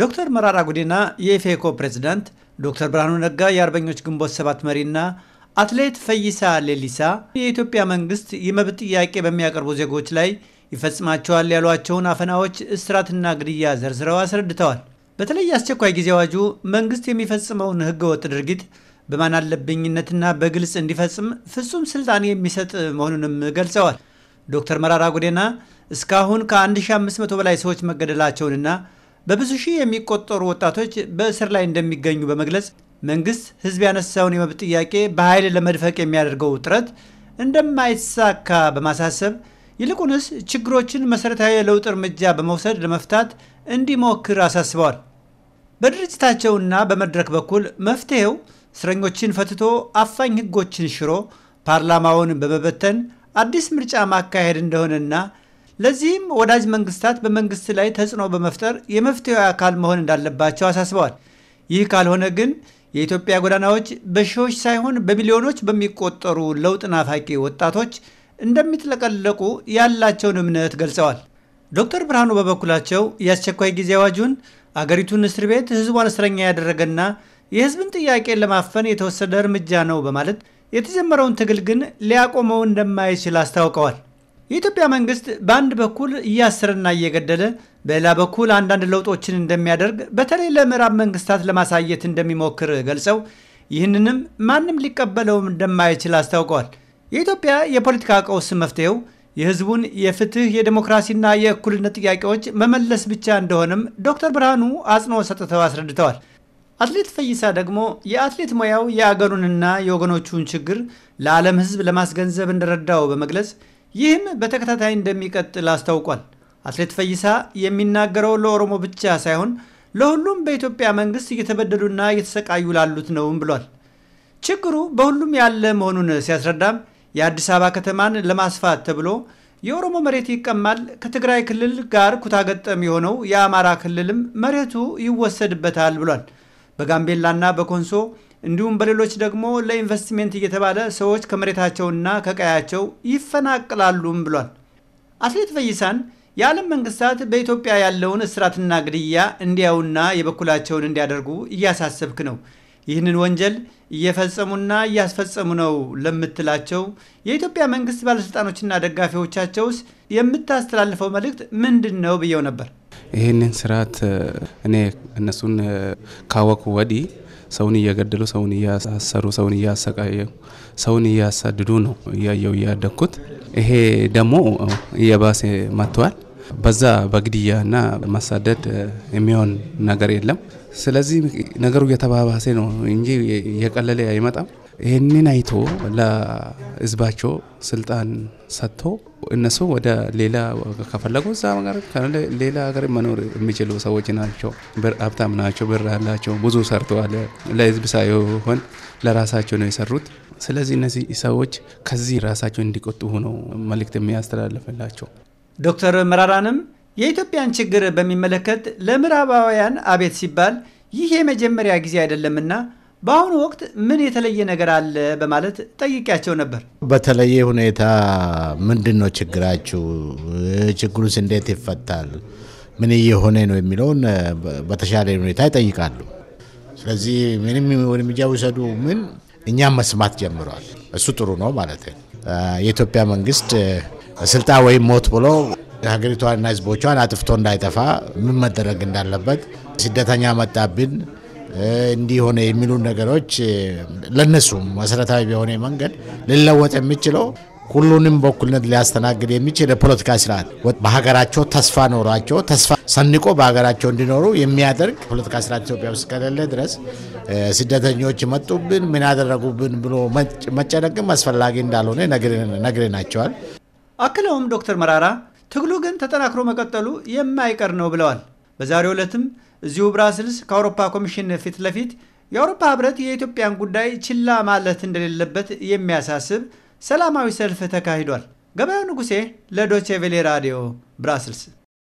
ዶክተር መራራ ጉዲና የኢፌኮ ፕሬዝዳንት፣ ዶክተር ብርሃኑ ነጋ የአርበኞች ግንቦት ሰባት መሪና አትሌት ፈይሳ ሌሊሳ የኢትዮጵያ መንግስት የመብት ጥያቄ በሚያቀርቡ ዜጎች ላይ ይፈጽማቸዋል ያሏቸውን አፈናዎች፣ እስራትና ግድያ ዘርዝረው አስረድተዋል። በተለይ አስቸኳይ ጊዜ አዋጁ መንግስት የሚፈጽመውን ህገወጥ ድርጊት በማን አለብኝነትና በግልጽ እንዲፈጽም ፍጹም ስልጣን የሚሰጥ መሆኑንም ገልጸዋል። ዶክተር መራራ ጉዴና እስካሁን ከ1500 በላይ ሰዎች መገደላቸውንና በብዙ ሺህ የሚቆጠሩ ወጣቶች በእስር ላይ እንደሚገኙ በመግለጽ መንግስት ህዝብ ያነሳውን የመብት ጥያቄ በኃይል ለመድፈቅ የሚያደርገው ጥረት እንደማይሳካ በማሳሰብ ይልቁንስ ችግሮችን መሠረታዊ የለውጥ እርምጃ በመውሰድ ለመፍታት እንዲሞክር አሳስበዋል። በድርጅታቸውና በመድረክ በኩል መፍትሔው እስረኞችን ፈትቶ አፋኝ ህጎችን ሽሮ ፓርላማውን በመበተን አዲስ ምርጫ ማካሄድ እንደሆነና ለዚህም ወዳጅ መንግስታት በመንግስት ላይ ተጽዕኖ በመፍጠር የመፍትሄ አካል መሆን እንዳለባቸው አሳስበዋል። ይህ ካልሆነ ግን የኢትዮጵያ ጎዳናዎች በሺዎች ሳይሆን በሚሊዮኖች በሚቆጠሩ ለውጥ ናፋቂ ወጣቶች እንደሚትለቀለቁ ያላቸውን እምነት ገልጸዋል። ዶክተር ብርሃኑ በበኩላቸው የአስቸኳይ ጊዜ አዋጁን አገሪቱን እስር ቤት ህዝቧን እስረኛ ያደረገና የህዝብን ጥያቄ ለማፈን የተወሰደ እርምጃ ነው በማለት የተጀመረውን ትግል ግን ሊያቆመው እንደማይችል አስታውቀዋል። የኢትዮጵያ መንግስት በአንድ በኩል እያስርና እየገደለ በሌላ በኩል አንዳንድ ለውጦችን እንደሚያደርግ በተለይ ለምዕራብ መንግስታት ለማሳየት እንደሚሞክር ገልጸው ይህንንም ማንም ሊቀበለውም እንደማይችል አስታውቀዋል። የኢትዮጵያ የፖለቲካ ቀውስ መፍትሄው የህዝቡን የፍትህ የዴሞክራሲና የእኩልነት ጥያቄዎች መመለስ ብቻ እንደሆነም ዶክተር ብርሃኑ አጽንኦት ሰጥተው አስረድተዋል። አትሌት ፈይሳ ደግሞ የአትሌት ሙያው የአገሩንና የወገኖቹን ችግር ለዓለም ህዝብ ለማስገንዘብ እንደረዳው በመግለጽ ይህም በተከታታይ እንደሚቀጥል አስታውቋል። አትሌት ፈይሳ የሚናገረው ለኦሮሞ ብቻ ሳይሆን ለሁሉም በኢትዮጵያ መንግስት እየተበደሉና እየተሰቃዩ ላሉት ነውም ብሏል። ችግሩ በሁሉም ያለ መሆኑን ሲያስረዳም የአዲስ አበባ ከተማን ለማስፋት ተብሎ የኦሮሞ መሬት ይቀማል፣ ከትግራይ ክልል ጋር ኩታገጠም የሆነው የአማራ ክልልም መሬቱ ይወሰድበታል ብሏል። በጋምቤላና በኮንሶ እንዲሁም በሌሎች ደግሞ ለኢንቨስትሜንት እየተባለ ሰዎች ከመሬታቸውና ከቀያቸው ይፈናቅላሉም ብሏል። አትሌት ፈይሳን የዓለም መንግስታት በኢትዮጵያ ያለውን እስራትና ግድያ እንዲያዩና የበኩላቸውን እንዲያደርጉ እያሳሰብክ ነው። ይህንን ወንጀል እየፈጸሙና እያስፈጸሙ ነው ለምትላቸው የኢትዮጵያ መንግስት ባለሥልጣኖችና ደጋፊዎቻቸውስ የምታስተላልፈው መልእክት ምንድን ነው ብየው ነበር። ይህንን ስርዓት እኔ እነሱን ካወኩ ወዲህ ሰውን እየገደሉ፣ ሰውን እያሳሰሩ፣ ሰውን እያሰቃየ ሰውን እያሳድዱ ነው እያየው እያደግኩት። ይሄ ደግሞ እየባሰ መጥተዋል። በዛ በግድያና ማሳደድ የሚሆን ነገር የለም። ስለዚህ ነገሩ እየተባባሰ ነው እንጂ እየቀለለ አይመጣም። ይህንን አይቶ ለህዝባቸው ስልጣን ሰጥቶ እነሱ ወደ ሌላ ከፈለጉ እዛ ጋር ሌላ ሀገር መኖር የሚችሉ ሰዎች ናቸው። ሀብታም ናቸው፣ ብር አላቸው፣ ብዙ ሰርተዋል። ለህዝብ ሳይሆን ለራሳቸው ነው የሰሩት። ስለዚህ እነዚህ ሰዎች ከዚህ ራሳቸው እንዲቆጥቡ ነው መልእክት የሚያስተላልፍላቸው። ዶክተር መራራንም የኢትዮጵያን ችግር በሚመለከት ለምዕራባውያን አቤት ሲባል ይህ የመጀመሪያ ጊዜ አይደለምና በአሁኑ ወቅት ምን የተለየ ነገር አለ በማለት ጠይቂያቸው ነበር። በተለየ ሁኔታ ምንድን ነው ችግራችሁ? ችግሩስ እንዴት ይፈታል? ምን እየሆነ ነው የሚለውን በተሻለ ሁኔታ ይጠይቃሉ። ስለዚህ ምንም እርምጃ ውሰዱ ምን እኛም መስማት ጀምረዋል። እሱ ጥሩ ነው ማለት የኢትዮጵያ መንግስት ስልጣን ወይም ሞት ብሎ ሀገሪቷንና ህዝቦቿን አጥፍቶ እንዳይጠፋ ምን መደረግ እንዳለበት ስደተኛ መጣብን እንዲሆነ የሚሉ ነገሮች ለነሱ መሰረታዊ በሆነ መንገድ ሊለወጥ የሚችለው ሁሉንም በኩልነት ሊያስተናግድ የሚችል የፖለቲካ ስርዓት በሀገራቸው ተስፋ ኖሯቸው ተስፋ ሰንቆ በሀገራቸው እንዲኖሩ የሚያደርግ ፖለቲካ ስርዓት ኢትዮጵያ ውስጥ ከሌለ ድረስ ስደተኞች መጡብን ምን ያደረጉብን ብሎ መጨነቅም አስፈላጊ እንዳልሆነ ነግረናቸዋል። አክለውም ዶክተር መራራ ትግሉ ግን ተጠናክሮ መቀጠሉ የማይቀር ነው ብለዋል። በዛሬው ዕለትም እዚሁ ብራስልስ ከአውሮፓ ኮሚሽን ፊት ለፊት የአውሮፓ ህብረት የኢትዮጵያን ጉዳይ ችላ ማለት እንደሌለበት የሚያሳስብ ሰላማዊ ሰልፍ ተካሂዷል። ገበያው ንጉሴ ለዶቼቬሌ ቬሌ ራዲዮ ብራስልስ